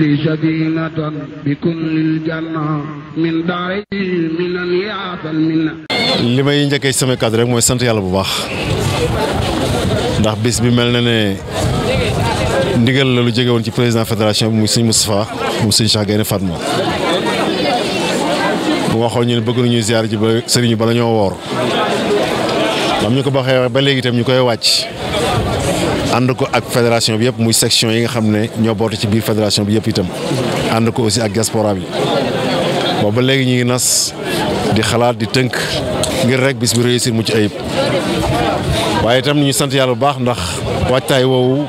li sadinatan bikun may njëkkee ci sama cadre rek mooy sant yàlla bu baax ndax bis bi mel na ne ndigal la lu jóge woon ci président fédération bi muy sëñ Moustapha mu sëñ Cheikh Gaïndé Fatma waxoon ñu ne bëgg nañuy ziar ji sëriñu bala ñoo woor am ñu ko baxee ba léegi itam ñu koy wàcc ànd ko ak fédération bi yëpp muy section yi nga xam ne ñoo bootu ci biir fédération bi yëpp itam ànd ko aussi ak diaspora bi booba léegi ñu ngi nas di xalaat di tënk ngir rek bis bi réussir mu ci ayib waaye itam ñu sant yàlla bu baax ndax waajtaay woowu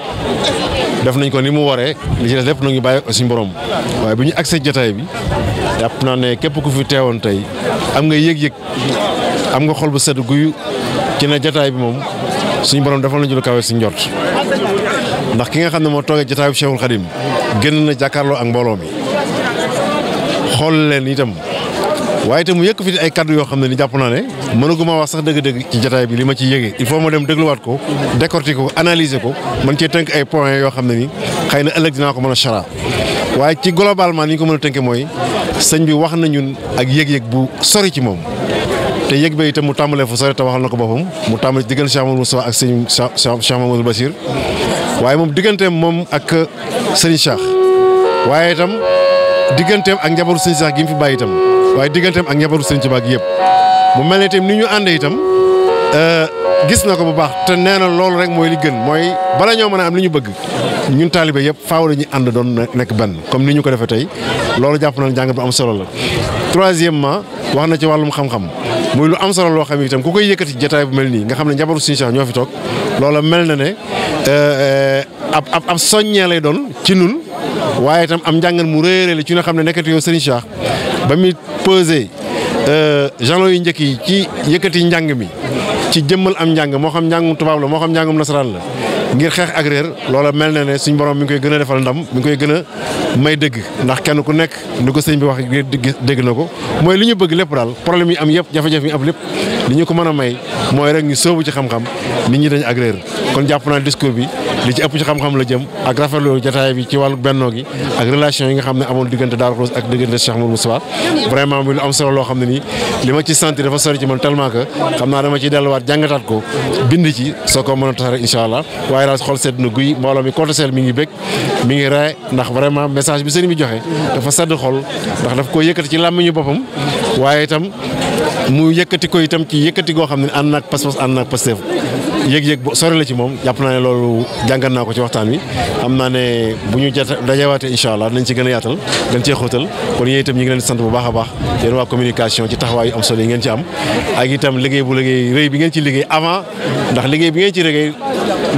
def nañ ko ni mu waree li ci des lépp na ñu bàyyi suñu borom waaye bu ñu agsee jataay bi jàpp naa ne képp ku fi teewoon tey am nga yëg-yëg am nga xol bu sedd guyu ci ne jotaay bi moom suñu borom defal nañu lu kawe si njort ndax ki nga xam ne moo toogee jotaayu Cheikhul Khadim génn na jàkkaarloo ak mbooloo mi xool leen itam waaye itam mu yëkk fi ay kaddu yoo xam ne ni jàpp naa ne mënaguma wax sax dëgg-dëgg ci jataay bi li ma ci yëgee il faut ma dem dégluwaat ko décortiquer ko analyser ko man cee tënk ay points yoo xam ne ni xëy na ëllëg dinaa ko mën a chara waaye ci globalement ni ñu ko mën a tënkee mooy sëñ bi wax nañu ak yëg-yëg bu sori ci moom te yëg ba itam mu tàmbalee fu sore te waxal na ko boppam mu tàmbale ci diggante Cheikh Mamadou Moustapha ak sëñ Cheikh Mamadou Bachir waaye moom digganteem moom ak sëñ Cheikh waaye itam digganteem ak njabaru sëñ Cheikh gi mu fi bàyyi itam waaye digganteem ak njabaru sëñ Tuubaa gi yëpp mu mel ne itam ni ñu àndee itam euh, gis na ko bu baax te nee loolu rek mooy li gën mooy bala ñoo mën a am li ñu bëgg ñun taalibe yëpp faaw la ñuy ànd doon nekk benn comme ni ñu ko defee tey loolu jàpp na jàngat bu am solo la. troisièmement wax na ci wàllum xam-xam muy lu am solo loo xam itam ku koy yëkkati jotaay bu mel nii nga xam ne njabootu suñu Cheikh ñoo fi mel na ne euh, ab ab soññee lay doon ci nun waaye itam am njàngan mu réeréer la ci xam ne nekkati yow Serigne Cheikh ba muy pesé genre euh, yu njëkk yi ci yëkkati njàng mi. ci jëmmal am njàng moo xam njàngum tubaab la moo xam njàngum nasaraan la ngir xeex ak réer loola mel na ne suñ borom mi ngi koy gën a defal ndam mi ngi koy gën may dëgg ndax kenn ku nekk ni ko sëñ bi wax dégg na ko mooy li ñu bëgg lépp daal problème yi am yëpp jafe-jafe yi am lépp li ñu ko mën a may mooy rek ñu sóobu ci xam-xam nit ñi dañu agréer kon jàpp naa discours bi li ci ëpp ci xam-xam la jëm ak rafetlu jataay bi ci wàllu bennoo gi ak relation yi nga xam ne amoon diggante Darou Khoudoss ak diggante Cheikh Mouhamadou Moustapha vraiment muy loo xam ne nii li ma ci senti dafa sori ci man tellement que xam naa dama ciy delluwaat jàngataat ko bind ci soo ko mën a tasaare incha allah waaye daal xool sedd na guy mbooloo mi contesel mi ngi bég mi ngi raay ndax vraiment message bi sëriñ mi joxe dafa sedd xol ndax daf ko yëkkati ci làmmiñu boppam waaye itam mu yëkkati ko itam ci yëkkati goo xam ne ànd naag pas-pas ànd naag Pastef yëg-yëg bu sori la ci moom jàpp naa ne loolu jàngat naa ko ci waxtaan wi xam naa ne bu ñu dajawaatee incha allah nañ ci gën a yaatal gën cee xóotal kon yéen itam ñu ngi leen sant bu baax a baax yéen waa communication ci taxawaay yu am solo yi ngeen ci am ak itam liggéey bu liggéey rëy bi ngeen ci liggéey avant ndax liggéey bi ngeen ci liggéey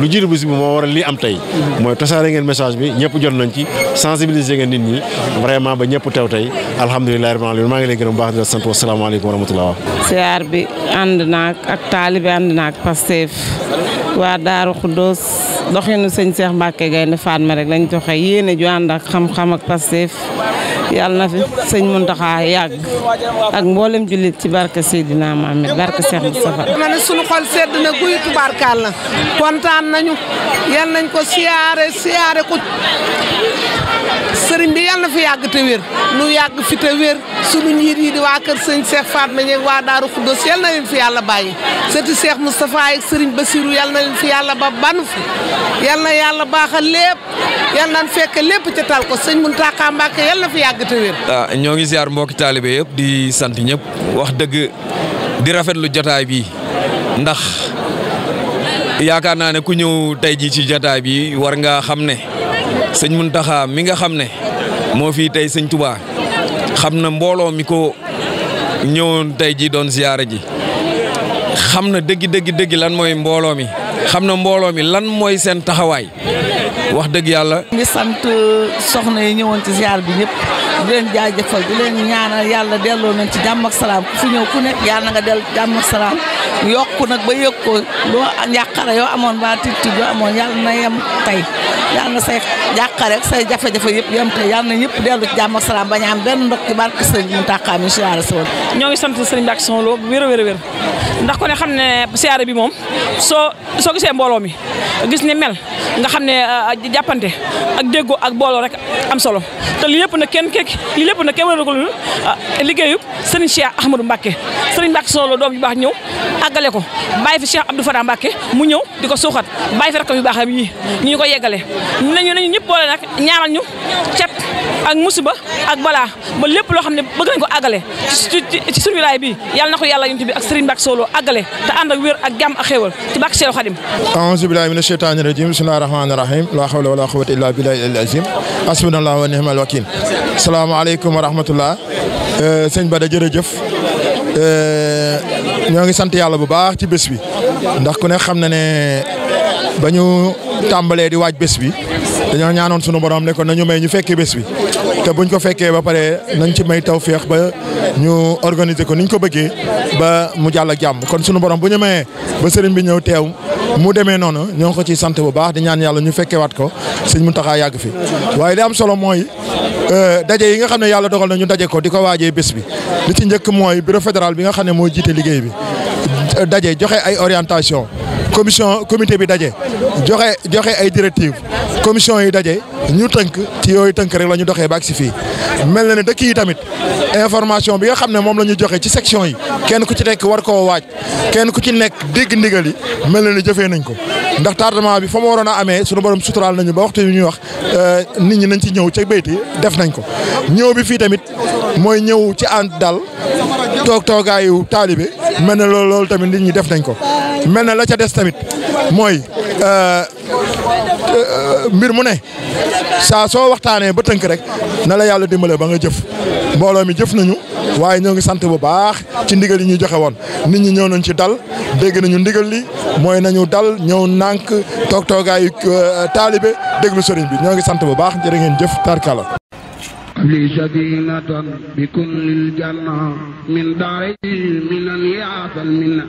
lu jiitu bis bi moo waral lii am tey mooy tasaare ngeen message bi ñëpp jot nañ ci sensibiliser ngeen nit ñi vraiment ba ñëpp teew tey alhamdulilah rabbil alamin maa ngi lay gërëm bu baax di la sant wasalaamaaleykum wa rahmatullah siyaar bi ànd naag ak taalibe ànd naag Pastef waa Daaru Xuddoos doxinu sëñ Cheikh Mbacke Gaynde Fatma rek lañ joxe yéene ju ànd ak xam-xam ak Pastef yàlla na fi sëñ Muntaxa yàgg ak mboolem jullit ci barke Seydina Mohamed barke Cheikh Moustapha. ma ne sunu xol sedd guy tubaarkaal la kontaan nañu yal nañ ko siyaare siyaare ko sëriñ bi yal na fi yàgg te wér nu yàgg fi te wér sunu njiit yi waa kër sëñ Cheikh Fatma Ñeeng waa Daaru Xuddos yal na leen fi yàlla bàyyi sëti Cheikh Moustapha ak sëriñ Basiru yal na fi yàlla ba banu fi yal na yàlla baaxal lépp yal nañ fekk lépp ca ko sëñ Muntaxa Mbàkke yal na fi yàgg yàgg ah, ñoo ngi ziar mbokki taalibe yëpp di sant ñëpp wax dëgg di rafetlu jataay bi ndax yaakaar naa ne ku ñëw tey jii ci jataay bi war nga xam ne sëñ Muntaxa mi nga xam ne moo fii tey sëñ Tuubaa xam na mbooloo mi ko ñëwoon tey ji doon ziyaare ji xam na dëgg dëgg dëgg lan mooy mbooloo mi xam na mbooloo mi lan mooy seen taxawaay wax dëgg yàlla. ngi sant soxna yi ñëwoon ci ziar bi ñëpp. di leen jaajëfal di leen ñaanal yàlla delloo nañ ci jàmm ak salaam ku fi ku nekk yàlla na nga dellu jàmm ak salaam yokku nag ba yëg ko loo yoo amoon ba tiit yoo amoon yàlla na yam tey yàlla na say jàqare ak say jafe-jafe yëpp yem tey yàlla na ñëpp dellu ci jàmm ak salaam bañ a am benn ndokk ci barke sëriñ Mountakha mi siyaare ñoo ngi sant sëriñ Mbacke Soxna Lo wér a ndax ko xam ne siyaare bi moom soo soo gisee mbooloo mi gis ni mel nga xam ne euh, jàppante ak déggoo ak booloo rek am solo te li lépp nag kenn kekk li na nag kenn war a liggéeyu sëriñ Cheikh Ahmadou Mbacke sëriñ Mbacke Soxna Lo doom ju baax ñëw àggale ko bàyyi fi Cheikh Abdou Fatah Mbacké mu ñëw di ko suuxat bàyyi fi rakam yu baax yi ñu ko yeggale nañu nañu ñëpp boole ñu cet ak musiba ak balaa ba lépp loo xam ne bëgg nañ ko àggale ci suñu wilaay bi yàlla na ko yàlla ak Serigne Mbacké Solo àggale te ànd ak wér ak jàmm ak xéewal ci bàkk Cheikh Khadim a'uuzu billahi minash shaytaanir rajiim bismillahir rahmaanir rahiim laa hawla wala quwwata illaa billahil azim hasbunallahu wa ni'mal wakiil salaamaaleykum wa rahmatullah eh, sëñ Bada jërëjëf eh, ñoo ngi sant yàlla bu baax ci bés bi ndax ku ne xam na ne ba ñu tàmbalee di waaj bés bi dañoo ñaanoon sunu borom ne ko nañu may ñu fekkee bés bi te buñ ko fekkee ba pare nañ ci may tawféex ba ñu organiser ko niñ ko bëggee ba mu jàll jàmm kon sunu borom bu ñu mayee ba sëriñ bi ñëw teew mu demee noonu ñoo ngi ko ciy sant bu baax di ñaan yàlla ñu fekkee waat ko sëñ mu taxaa yàgg fi waaye li am solo mooy Euh, daje yi nga xam ne yàlla dogal na ñu daje ko di ko waajee bis bi li ci njëkk mooy bureau fédéral bi nga xam ne moo jiite liggéey bi daje joxe ay orientation commission comité bi daje joxe joxe ay directives commission yi daje ñu tënk ci yooyu tënk rek la ñu doxee baag si fii mel na ne dëkk yi tamit information bi nga xam ne moom la ñu joxe ci section yi kenn ku ci nekk war koo waaj kenn ku ci nekk dégg ndigal yi mel na ne jëfee nañ ko ndax tardement bi fa mu waroon a amee sunu borom suturaal nañu ba waxtu yu ñuy wax euh, nit ñi nañ ci ñëw ca béyti def nañ ko ñëw bi fii tamit mooy ñëw ci ànd dal toog toogaayu taalibe mel na loolu loolu tamit nit ñi def nañ ko mel na la ca des tamit mooy euh, euh, mbir mu ne saa soo waxtaanee ba tënk rek na la yàlla dimbale ba nga jëf mbooloo mi jëf nañu waaye ñoo ngi sant bu baax ci ndigal yi ñu joxe woon nit ñi ñëw nañ ci dal dégg nañu ndigal li mooy nañu dal ñëw nànk toog toogaayu euh, taalibe déglu sëriñ bi ñoo ngi sant bu baax jërë ngeen jëf tarkala li sadinatan bi kun lil min daari minan yaatal minna